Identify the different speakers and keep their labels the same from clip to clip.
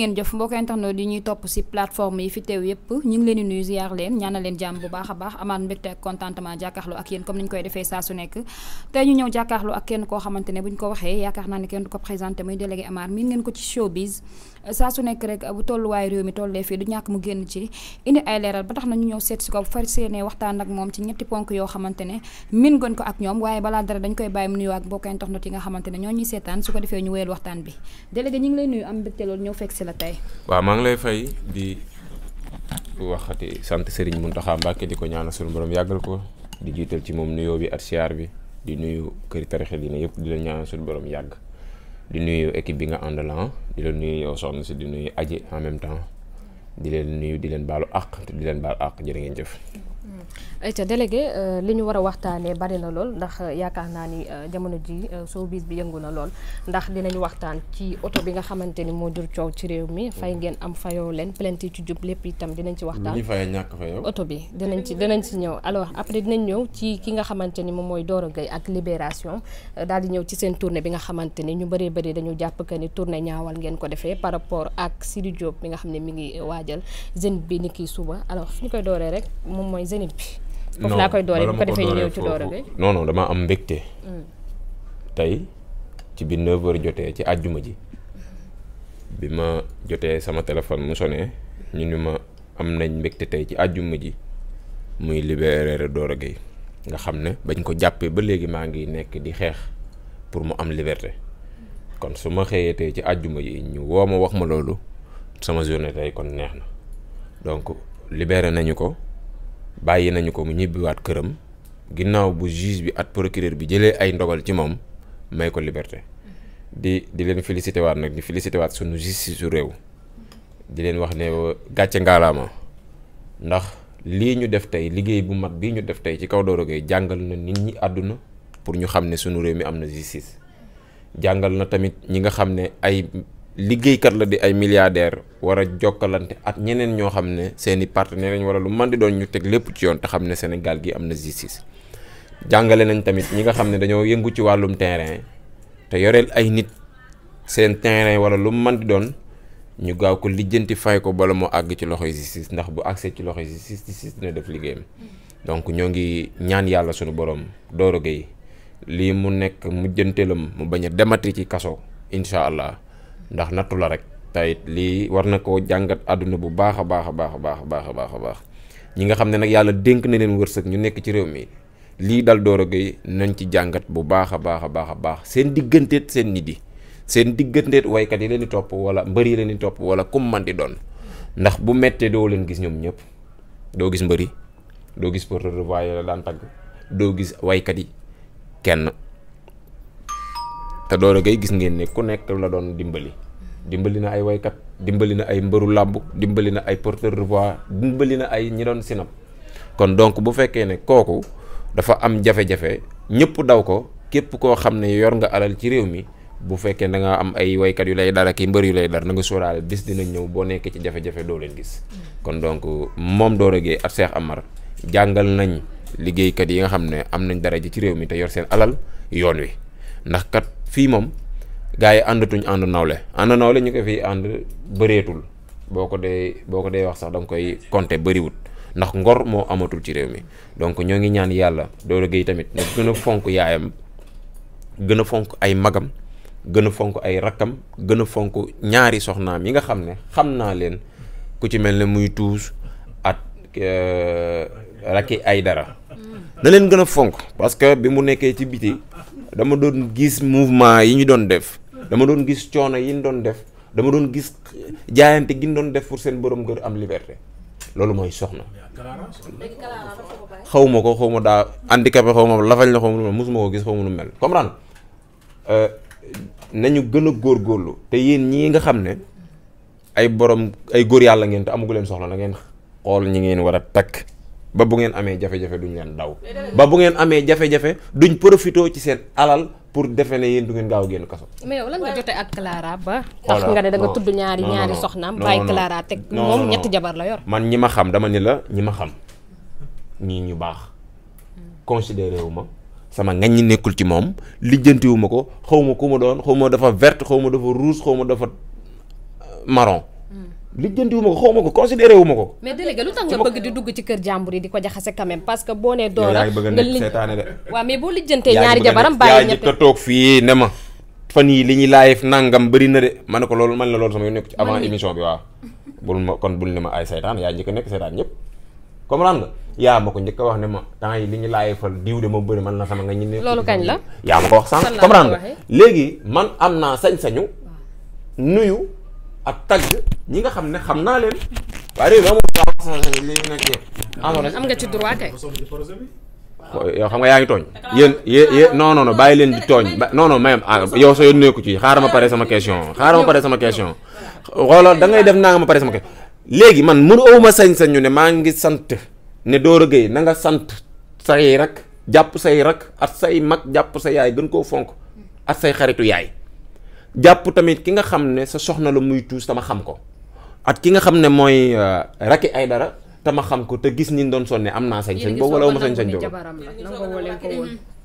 Speaker 1: ngeen jëf mbokk internet di ñuy topp ci plateforme yi fi teew yépp ñu ngi leen di nuyu ziar leen ñaanal leen jàmm bu baax a baax amaat mbégte ak contentement jàkkaarloo ak yéen comme niñ koy defee saa su nekk tey ñu ñëw jàkkaarloo ak kenn koo xamante ne buñ ko waxee yaakaar naa ne kenn du ko présenté muy délégué Amar min ngeen ko ci showbiz saa su nekk rek bu tolluwaay réew mi tollee fii du ñàkk mu génn ci indi ay leeral ba tax na ñu ñëw seet si ko far waxtaan ak moom ci ñetti ponk yoo xamante ne gën ko ak ñoom waaye balaa dara dañ koy bàyyi mu ak mbokk internet yi nga xamante ne ñoo ñuy seetaan su ko defee ñu wéyal waxtaan bi délégué ñu ngi lay nuyu am mbégte loolu ñëw fekk la
Speaker 2: waaw maa ngi lay fay di waxati sant Serigne Mountakha Mbacké di ko ñaanal sunu borom yàggal ko di jiital ci moom nuyoo bi ak siyaar bi di nuyu këri tarixe dina yëpp di la ñaanal sunu borom yàgg di nuyu équipe bi nga àndalan ah, di leen nuyu yow soxna si di nuyu aji en même temps di leen nuyu di leen baalu àq te di leen baalu àq jërë ngeen jëf.
Speaker 1: Mm. ayca délégué euh, li ñu war a waxtaanee bari na lool ndax euh, yaakaar naa ni euh, jamono ji showbiz bi yëngu na lool ndax dinañ waxtaan ci oto bi nga xamante ni moo jur coow ci réew mi fay mm. ngeen am fayoo leen plainte yi ci jub lépp itam dinañ ci waxtaan oto bi dinañ ci dinañ ci ñëw alors après dinañ ñëw ci ki nga xamante ni moom mooy Doro Gueye ak Libération daal di ñëw ci seen tourne bi nga xamante ni ñu bëree bëri dañu jàpp que ni tournée ñaawal ngeen ko defee par rapport ak Sidi Diop bi nga xam ne mi ngi waajal jeune bi ni kii suba alors fi ñu koy dooree rek zénith bi. foofu laa koy dooree
Speaker 2: dama am mbégte. Mm. tey ci bi 9 jotee ci àjjuma ji. bi ma jotee sama téléphone mu sonné ñu ni ma am nañ mbégte tey ci àjjuma ji muy libéré Doro Gueye nga xam ne bañ ko jàppee ba léegi maa ngi nekk di xeex pour mu am liberte kon su ma xëyee tey ci àjjuma ji ñu woo ma wax ma loolu sama journée tey kon neex na donc libere nañu ko. bàyyi nañu ko mu ñibbiwaat këram ginnaaw bu juge bi at procureur bi jëlee ay ndogal ci moom may ko liberté di di leen félicité waat nag di félicité waat sunu justice su réew di leen wax ne gàcce ngaalaama ndax lii ñu def tey liggéey bu mag bii ñu def tey ci kaw Doro Gueye jàngal na nit ñi àdduna pour ñu xam ne sunu réew mi am na justice jàngal na tamit ñi nga xam ne ay kat la di ay milliardaire war a jokkalante ak ñeneen ñoo xam ne seen i partenaires wala lu mën di doon ñu teg lépp ci yoon te xam ne Sénégal gi am na justice jàngale nañ tamit ñi nga xam ne dañoo yëngu ci wàllum terrain te yoreel ay nit seen terrain wala lu don di doon ñu gaaw ko lijjanti fay ko bala moo àgg ci loxoy justice ndax bu accès ci loxoy justice justice dina def liggéeyam donc ñoo ngi ñaan yàlla suñu borom dooro Gueye lii mu nekk mujjanteelam mu bañ demati ci kaso incha allah. ndax nattu la rek tayit lii war na koo jàngat àdduna bu baax a baax a baax a baax a baax a baax a baax ñi nga xam ne nag yàlla dénk na leen wërsëg ñu nekk ci réew mi lii dal Doro Gueye nañ ci jàngat bu baax a baax a baax a baax seen digganteet seen nit yi seen digganteet waykat yi leen di topp wala mbari yi leen di topp wala kum man di doon ndax bu méttee doo leen gis ñoom ñëpp doo gis mbër doo gis porteur de voix la daan tagg doo gis waykat yi kenn ta Doro Gaye gis ngeen ne ku nekk la doon dimbali dimbali na ay kat dimbali na ay mbeuru lamb dimbali na ay porteur de voix dimbali na ay ñi doon sinap kon donc bu fekke ne koku dafa am jafe-jafe ñepp daw ko képp ko xamné yor nga alal ci réew mi bu fekke da nga am ay kat yu lay dara ki mbeur yu lay dar na nga sóoraale bis dina ñew bo nekkee ci jafe jafé do leen gis kon donc mom Doro Gaye ak Cheikh Amar jangal nañ ligai yi nga xamné am nañ dara ci réew mi te yor seen alal yoon wi ndax kat fii moom gars yi àndatuñ ànd nawle ànd nawle ñu ko fii ànd bëreetul boo ko dee boo ko dee wax sax da koy compter bëriwul ndax ngor moo amatul ci réew mi donc ñoo ngi ñaan yàlla Doro Gueye tamit na gën a fonk yaayam gën a fonk ay magam gën a fonk ay rakkam gën a fonk ñaari soxnaam yi nga xam ne xam naa leen ku ci mel ne muy tuus ak euh, rakki ay dara mm. na leen gën fonk parce bi mu nekkee ci biti dama doon gis mouvement yi ñu doon def dama doon gis coono yi ñu doon def dama doon gis jaayante gi ñu doon def pour seen borom kër am liberté loolu mooy soxna xaw ma ko xaw ma daa handicapé xaw ma lafañ la xaw ma lu mel mosuma ko gis xaw ma lu mel comprendre euh, nañu gën a góorgóorlu te yéen ñii nga xam ne ay borom ay góor yàlla ngeen te amagu leen soxla na ngeen xool ñu ngeen war a takk ba bu ngeen amee jafe-jafe duñ leen daw ba bu ngeen amee jafe-jafe duñ profitoo ci seen alal pour defe ne yéen du ngeen gaaw génn kaso
Speaker 1: mais yow lan nga jote ak Clara ba tax nga ne da nga tudd ñaari ñaari soxnaam bàyyi Clara teg moom ñetti jabar la yor
Speaker 2: man ñi ma xam dama ni la ñi ma xam ñii ñu baax considéré wu ma sama ngañ ñi nekkul ci moom lijjantiwu ko xaw ma ku ma doon xaw ma dafa verte xaw ma dafa rouge xaw ma dafa marron lijjanti wu ma ko xaw ma ko considéré wu ko.
Speaker 1: mais délégué lu tax nga bëgg di dugg ci kër jàmbur yi di ko jaxase quand même parce que boo nee. doora nga li waaw mais boo lijjantee ñaari jabaram bàyyi ñett
Speaker 2: yaa toog fii ne ma li ñuy live nangam bëri na de ma ne ko loolu man la loolu sama yoon nekk ci avant émission bi waaw. bul ma kon bul ne ma ay seytaan yaa njëkk a nekk seytaan ñëpp comprendre nga yaa ma ko njëkk a wax ne ma temps yi li ñu laay fal diw de ma bëri man la sama nga ñu ne. loolu kañ la yaa man am naa sañ-sañu nuyu ak tagg ñi nga xam ne xam naa leen waaye réew mi amul waaw ah, yow nga ci droit kay xam nga yaa ngi tooñ yéen yéen non non bàyyi leen di tooñ non non mayam ah, yow soo yoon nekku ci xaaral ma pare sama question xaaral ma pare sama question xoolal da def naa nga ma pare sama question léegi man mënu awuma sañ-sañ ñu ne maa ngi sant ne door a na nanga sant say rek jàpp say rek at say mag jàpp sa yaay gën koo fonk at say xaritu yaay jàpp tamit ki nga xam ne sa soxna la muy tuus tama xam ko at ki nga xam ne mooy euh, ay dara tama xam ko te gis ni doon sonne am naa sañ-sañ boobu wala wama sañ-sañ boobu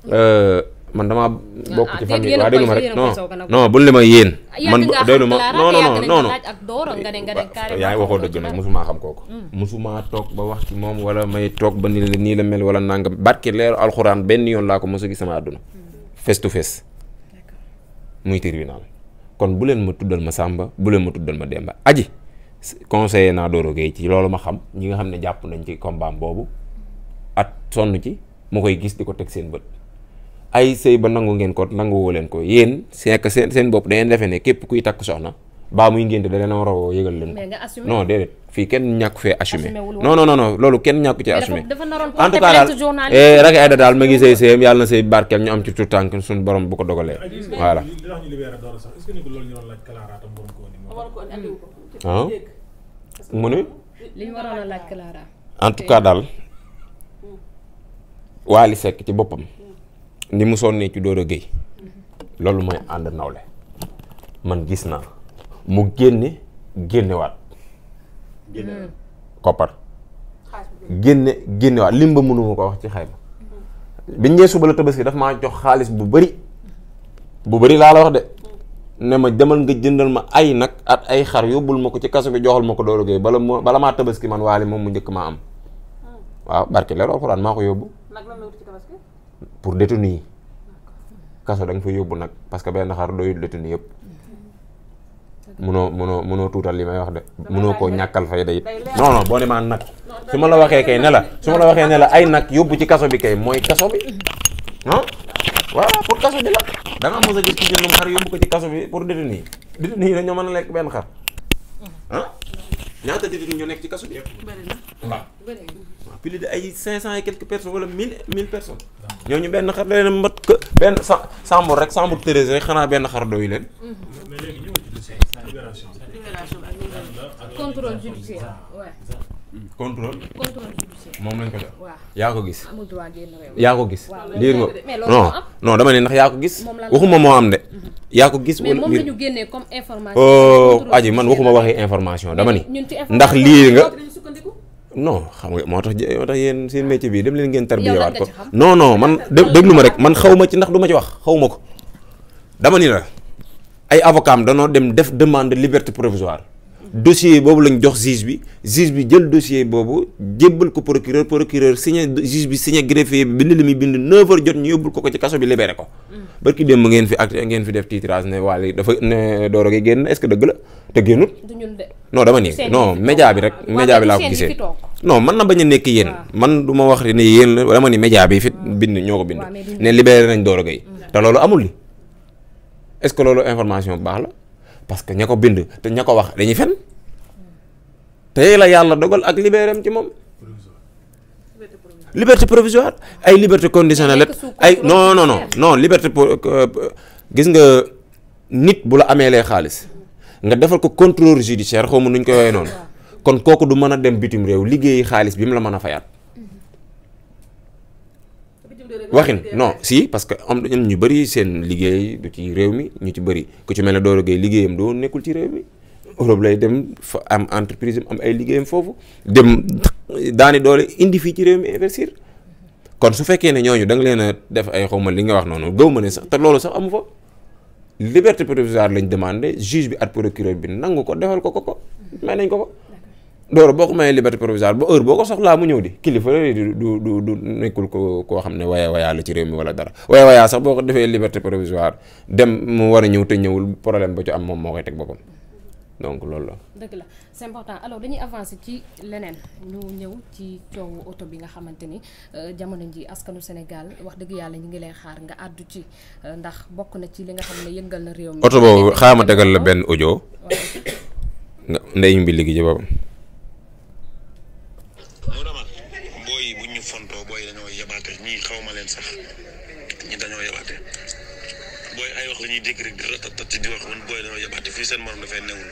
Speaker 2: euh, man dama bokk ci ah, famille wa ah, déglu rek non non buñ li yeen man déglu ma non non non non
Speaker 1: yaa ngi waxoo dëgg nag
Speaker 2: mosumaa xam kooku hmm. musuma tok ba wax ci mom wala may tok ba ni ni la mel wala nangam barki leer alcorane ben yon la ko musu gi sama aduna hmm. face to face muy tribunal kon bu leen ma tuddal ma sàmba buleen leen ma tuddal ma Demba aji conseillé naa Doro Gueye ci loolu ma xam ñi nga xam ne jàpp nañ ci combat boobu at sonn ci mu koy gis di ko teg seen bët ay sëy ba nangu ngeen ko nangu woo leen ko yéen c'est seen seen bopp dangeen defee ne képp kuy takk soxna baa muy ngénte da leen a war a woo leen ko non déedéet fii kenn ñàkk fee assumé non non loolu kenn ñàkku ci assumé en
Speaker 1: tout cas daal rek
Speaker 2: eh, ay yàlla na sëy barkeel ñu ci tout tànk suñu borom bu ko dogalee
Speaker 3: voilà
Speaker 1: ah mu ne en tout
Speaker 2: ci boppam ni mu sonnee ci Doro Gueye loolu mooy ànd nawle man gis naa mu génne wat génne koppar. génne génnewaat wat limba mënu ko wax ci xayma. biñ ñee suba la tabaski daf ma jox xaaliss bu bari bu bari la la wax de. ne ma demal nga jëndal ma ay nak at ay xar yobul mako ci kasso bi joxal mako ko doolu bala bala ma tabaski man wali mom mu ñëk ma am. Hmm. waaw barké leer alxuraan mako ko
Speaker 1: nak la wut ci tabaski.
Speaker 2: pour détenu kasso kaso fa yobbu nak parce que ben xar doyul détenu yépp munoo munoo munoo tuutal li may wax de munoo koo ñàkkal fayda it non non boo ne maa nag su ma la waxee kay ne la su ma la waxee ne la ay nag yóbbu ci kaso bi kay mooy kaso bi non voilà pour kaso bi la da nga mos a gis ku jëndum xar yóbbu ko ci kaso bi pour détenu yi détenu yi dañoo mën a lekk benn xar ah ñaata détenu ñoo nekk ci kaso bi waaw plus de ay cinq cent et quelques personnes wala mille mille personnes ñooñu benn xar leen mat benn sa rek sambur treize rek xanaa benn xar doy leen
Speaker 1: mm-hmm. libération ak ko yaa ko gis. yaa ko gis. lii nga non non dama ne ndax yaa ko gis. waxuma
Speaker 2: moo am de. Mhm. yaa ko gis wala moom la ñu génnee comme information. Oh, waxuma waxi information dama ni. ndax lii nga. non xam nga moo tax moo tax yéen seen métier bi dem leen ngeen tarbiyewaat ko. non non man déglu ma rek man xaw ma ci ndax du ma ci wax xaw ma ko dama ni la. ay avocat am danoo dem def demande liberté provisoire dossier boobu lañ jox juge bi juge bi jël dossier boobu jébbal ko procureur procureur signé juge bi signé greffier bi bind li muy bind 9 jot ñu yóbbul ko ko ci bi libéré ko. barki démb fi ak ngeen fi def titrage ne waa léegi dafa ne Doro Gaye génn est-ce que dëgg la te génnut.
Speaker 1: du dama nii non média bi rek. média bi laa ko gisee
Speaker 2: non man na bañ a nekk yéen. Ah. man du ma wax ne yéen la dama ni média bi fit ah. bind ñoo ko bind. ne libéré nañ Doro Gaye mm. te loolu amul li est-ce que loolu information bax la parce que ñako ko bind te ñako wax dañuy fen te la yalla dogal ak libéram ci mom liberté provisoire ay liberté conditionnelle ay non non non non liberté euh, gis nga nit bu la amé lee xaliss nga defal ko contrôle judiciaire xaw nuñ ko yoy non kon koku du mëna dem bitim rew liggéey xaliss bi mu la mëna fayat non si parce que am ñu bari seen liggéey du ci réew mi ñu ci les ku ci mel Doro nekkul ci Europe lay dem fa am entreprise am ay liggéeyam foofu dem daani doole indi fii ci investir kon su fekkee ne ñooñu da nga a def ay xawma li nga wax noonu ne sax liberté provisoire lañ demandé juge bi at procureur bi Doro boo ko mayee liberté provisoire ba heure boo ko soxlaa mu ñëw di kilifa du du du du nekkul ko koo xam ne waya wayaa la ci réew mi wala dara waya waya sax boo ko defee liberté provisoire dem mu war a ñëw te ñëwul problème ba ci am moom moo koy teg boppam donc loolu la.
Speaker 1: dëgg la c'est important alors dañuy avancer ci leneen ñu ñëw ci coowu oto bi nga xamante euh, jamono ji askanu senegal wax dëgg yàlla ñu ngi lay xaar nga àddu ci euh, ndax bokk na ci li nga xam ne na réew mi. oto
Speaker 2: boobu xaama tegal la benn audio. nga ndeyim bi ci boppam.
Speaker 3: vraiment booy yi bu ñu fontoo booy dañoo yabaate ñii xawma leen sax dañoo yabaate booy ay wax la ñuy dégg rek di wax man booy dañoo fii seen morom dafay newul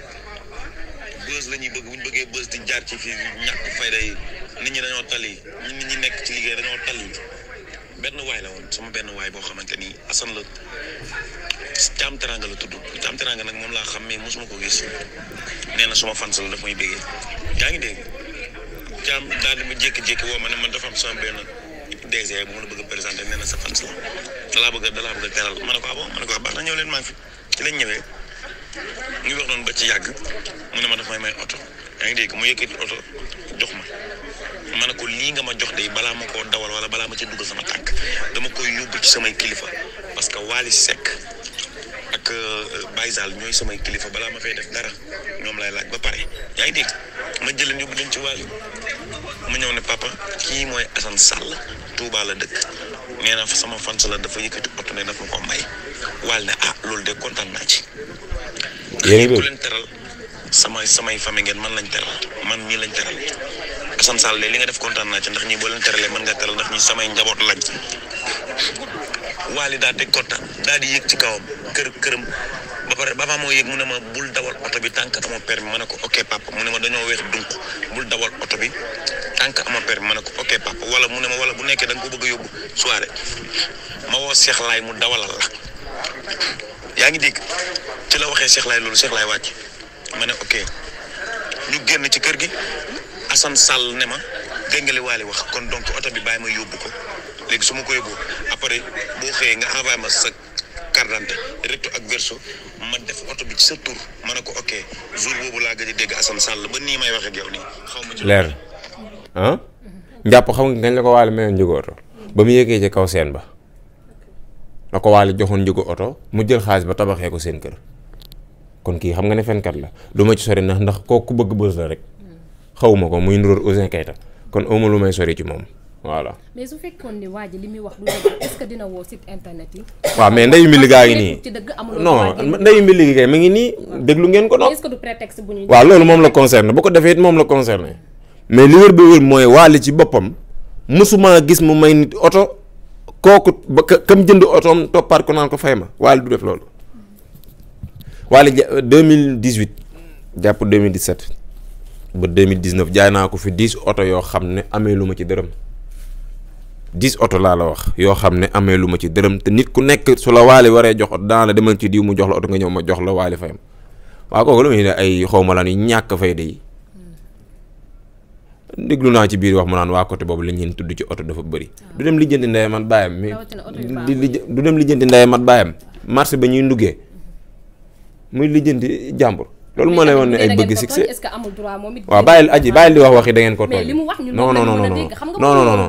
Speaker 3: bës la ñuy bëgg bu bëggee bës di jaar ci fii ñàkk fayda nit ñi dañoo tali ñun nit ñi nekk ci liggéey dañoo tali benn waay la woon sama benn waay boo xamante ni Assane la la tudd Thiam nag moom laa xam mais mosuma ko gis nee na suma fans la daf may yaa ngi dégg. Thiam daal di ma jékki-jékki woo ma ne man dafa am sama benn DG bu ma la bëgg a présenté na sa fans la dalaa bëgg dalaa bëgg a teral ma ne ko ah bon ma ne ko ah baax na ñëw leen maa ngi ñëwee ñu wax noonu ba ci yàgg mu ne ma daf may may oto yaa ngi dégg mu yëkkati ma ma ne ko lii nga ma jox de balaa ma koo dawal wala balaa ma ci dugg sama tànk dama koy yóbbu ci samay kilifa parce que Wally sekk ak euh, Baye Sall ñooy samay kilifa balaa ma fay def dara ñoom lay laaj ba pare yaa dégg ma jëleen yóbbu leen ci Wally ma ñëw ne papa kii mooy Assane Sall Touba la dëkk nee na sama fans la dafa yëkkati oto ne daf ma ko may waal ne ah loolu de kontaan naa ci. yéen ku leen teral samay samay famille ngeen man lañ teral man mii lañ teral Assane Sall de li nga def kontaan naa ci ndax ñii boo leen teralee mën nga teral ndax ñi samay njaboot lañ. Waly daa teg kotta daa di yéeg ci kawam kër këram ba pare ba moo yéeg mu ne ma bul dawal oto bi tànk amoo permis man ne ko ok papa mu ne ma dañoo weex dunk bul dawal oto bi tànk amoo permis man ne ko ok papa wala mu ne ma wala bu nekkee da ko bëgg a yóbbu soirée ma woo Cheikh mu dawalal la yaa ngi dégg ci la waxee Cheikh loolu Cheikh Laay wàcc ma ne ok ñu génn ci kër gi Assane Sall ne ma dégg nga wax kon donc oto bi bàyyi ma yóbbu ko léegi su ma ko yóbbu après boo xëyee nga envoyé ma sa carte d'identité ak verso ma def oto bi ci sa tur ma ne ko ok jour boobu laa gëj a dégg Assane Sall ba nii may wax ak yow nii. xaw ma leer
Speaker 2: ah. njàpp xam nga gañ la ko waale mayoon njëgu oto ba mu yéegee ci kaw seen ba la ko waale joxoon njëgu oto mu jël xaalis ba tabaxee ko seen kër kon kii xam nga ne fenkat la du ma ci sori ndax ndax kooku bëgg bës la rek xawuma ko muy nuróor Ouzin Keita kon amul lu may sori ci moom. voilà.
Speaker 1: mais su fekkoon ne waa ji li muy wax dina woo site internet yi. waaw mais ndeyu mbili gaa ngi nii. non
Speaker 2: ndeyu mbili kay mi ngi nii déglu ngeen ko noonu. est-ce que du
Speaker 1: prétexte bu ñu. waaw loolu moom la
Speaker 2: concerné bu ko defee it moom la concerné mais li wër bi wër mooy waali ci boppam mosuma gis mu may nit oto kooku ba kam jënd otoom toppaat ko naan ko fay ma waali du def loolu. waali ja 2018 jàpp 2017 ba 2019 jaay naa ko fi 10 oto yoo xam ne amee lu ma ci dërëm. dix oto laa la wax yoo xam ne amee lu ma ci dërëm te nit ku nekk su la waali waree jox oto daan la demal ci diw mu jox la oto nga ñëw ma jox la waali fayam waaw kooku lu muy ne ay xawma lan yu ñàkk fay de yi déglu naa ci biir wax mu naan waa côté boobu lañ leen tudd ci oto dafa bari ah. du dem lijjanti ndey mat baayam mi di du dem lijjanti ndey mat baayam marché ba ñuy nduggee muy lijjanti jàmbur loolu moo lay woon ne ay bëgg succès
Speaker 1: waaw bàyyil aji bàyyil di wax waxi da ngeen ko tooñ non non non non non non non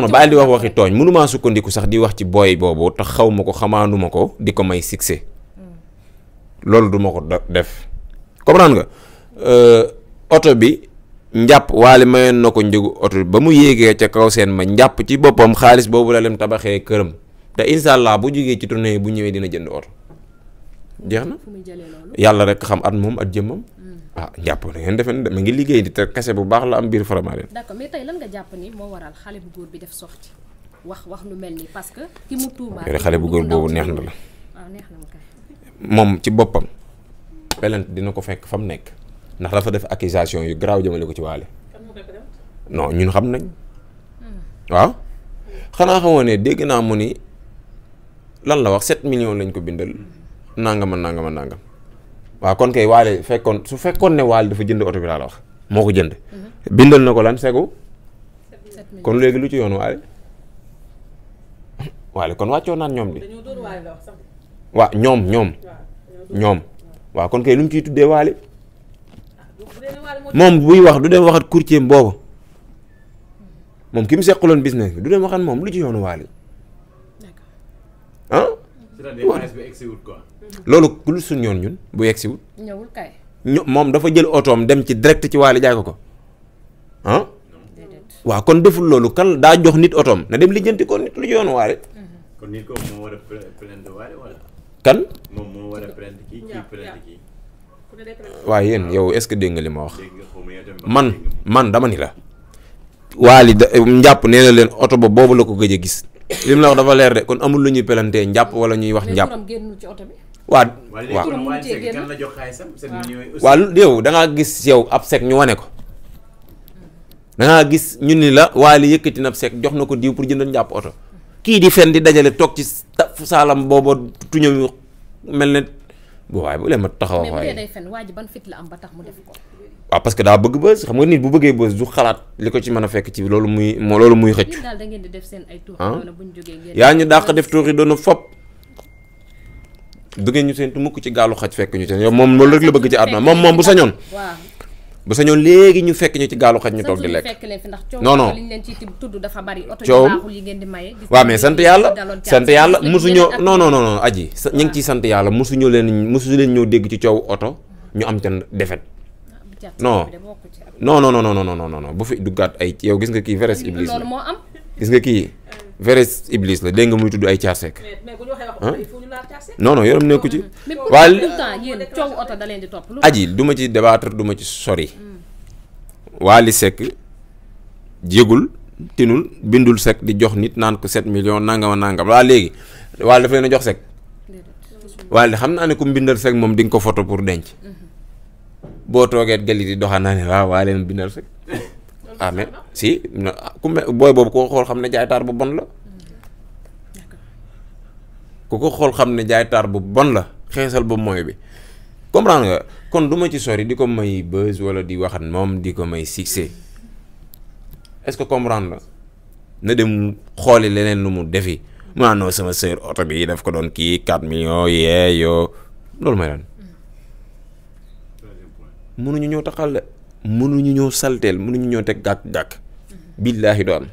Speaker 2: non bàyyil di wax waxi tooñ mënumaa sukkandiku sax di wax ci booy boobu tax xaw ma ko xamaanduma ko di ko duma ko def comprendre nga euh, oto bi njàpp waale mayoon na ko njëgu oto bi ba mu yéegee ca kaw seen ma njàpp ci boppam xaalis boobu la leen tabaxee këram te incha bu jógee ci tournée bu ñëwee dina jënd oto jeex na yàlla rek xam at moom at jëmmam. Hmm. ah jàpp na ngeen defe ne ma ngi liggéey di te kese bu baax la am biir Faramareen.
Speaker 1: d'accord mais jàpp moo waral xale bu góor bi def sorti wax wax lu mel ni parce que ki mu tuumaal xale bu góor boobu neex na
Speaker 2: moom ci boppam. pelent dina ko fekk fa mu nekk. ndax dafa def accusation yu garaaw jëmale ko ci waale. non ñun xam nañ. Hmm. waaw xanaa xamoo ne dégg naa mu ni lan la wax 7 millions lañ ko bindal. nangama nangama nangam waaw kon kay waale fekkoon su fekkoon ne waale dafa jënd oto bi laa wax moo ko jënd. Mhm. bindal na ko lan segu. kon léegi lu ci yoon waale. waale kon wàccoon naan ñoom di. waaw ñoom ñoom. ñoom waaw kon kay lu mu ciy tuddee waale.
Speaker 1: Ah,
Speaker 2: moom buy wax du dem waxat courtier boobu moom ki mu seqaloon business bi du dem waxat moom lu ci yoonu waale. ah. loolu lu suñ yoon ñun bu yegg siwul ñëwul kay ñu moom dafa jël otoom dem ci direct ci waali jaay ko ko ah waaw kon deful loolu kan daa jox nit otoom na dem lijjanti ko nit lu yoon waale
Speaker 3: mm-hmm. kon nit ko moo war a plainte moom moo
Speaker 2: war yow est-ce que dégg nga li ma wax man man dama ni la waali da um, njàpp nee na leen oto ba boobu la ko gëj a gis li mu la wax dafa leer de kon amul lu ñuy pelantee njàpp wala ñuy wax njàpp waaw waaw waaw yow da ngaa gis yow ab sec ñu wane ko da gis ñu ni la Wally yëkkati na ab sec jox na ko diw pour jënd njàpp oto kii di fen di dajale toog ci saalam booba tuñam mel ne bu waaye bu leen ma taxaw waaye
Speaker 1: waaw
Speaker 2: parce que daa bëgg bës xam nga nit bu bëggee bës du xalaat li ko ci mën a fekk ci loolu muy loolu muy xëcc ah yaa ñu dàq def tuuri doona fop du ngeen ñu seentu mukk ci galu xaj fekk ñu ci yow mom loolu rek la bëgg ci aduna moom moom bu sañon waaw bu sañon léegi ñu fekk ñu ci galu xaj ñu tok di lek
Speaker 1: non non maye wa mais sant yalla sant yalla musu ñoo non non non
Speaker 2: aji ñi ngi ciy sant musu ñoo leen musu leen ñoo deg ci ciow auto ñu am tan defet non non non non non non non bu fi duggaat ay yow gis nga ki veres iblis am gis nga ki veres iblis la dégg muy tuddu ay waxe
Speaker 1: wax non non yorom nekku ci. waaye aji
Speaker 2: du ci débattre duma ci sori. Hmm. Wally Seck jégul tinul bindul sekk di jox nit naan ko 7 millions nangama nangam waa léegi Wally daf leen a jox Seck. Wally xam naa ne ku mbindal Seck moom di ko photo pour denc. Hmm. boo toogee gali di doxaan naa ne waaw waa leen bindal ah mais si ku me booy boobu koo xool xam ne jaaytaar bu bon la. ku ko xool xam ne bu bon la xeesal ba bi comprendre nga kon du ci sori di may buzz wala di waxat moom di succès est-ce que comprendre la na dem xooli leneen lu mu defi sama oto bi daf ko doon kii 4 millions yee yoo loolu may mënuñu ñëw taxal mënuñu ñëw salteel mënuñu ñëw teg gàkk-gàkk billahi doon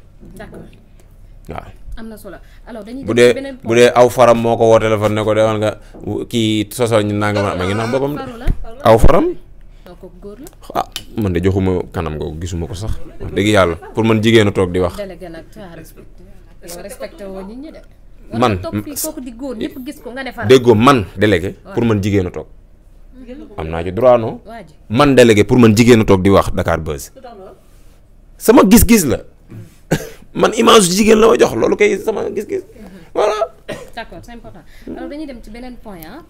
Speaker 1: am na solo alors dañuy bu dee bu dee aw
Speaker 2: faram moo ko woo téléphone ne ko demal nga kii sosal ñu nangam ma ngi naan ah, boppam aw faram. ah man de joxuma kanam googu gisuma ko sax wax dëgg pour man jigéen a toog di wax.
Speaker 1: man déggoo man délégué pour man
Speaker 2: jigéen a toog. ci droit non man délégué pour man jigéen a di wax Dakar Buzz. sama gis-gis la. man image jigéen la ma jox loolu kay sama gis-gis
Speaker 1: voilà. d'accord c'est dañuy dem ci beneen point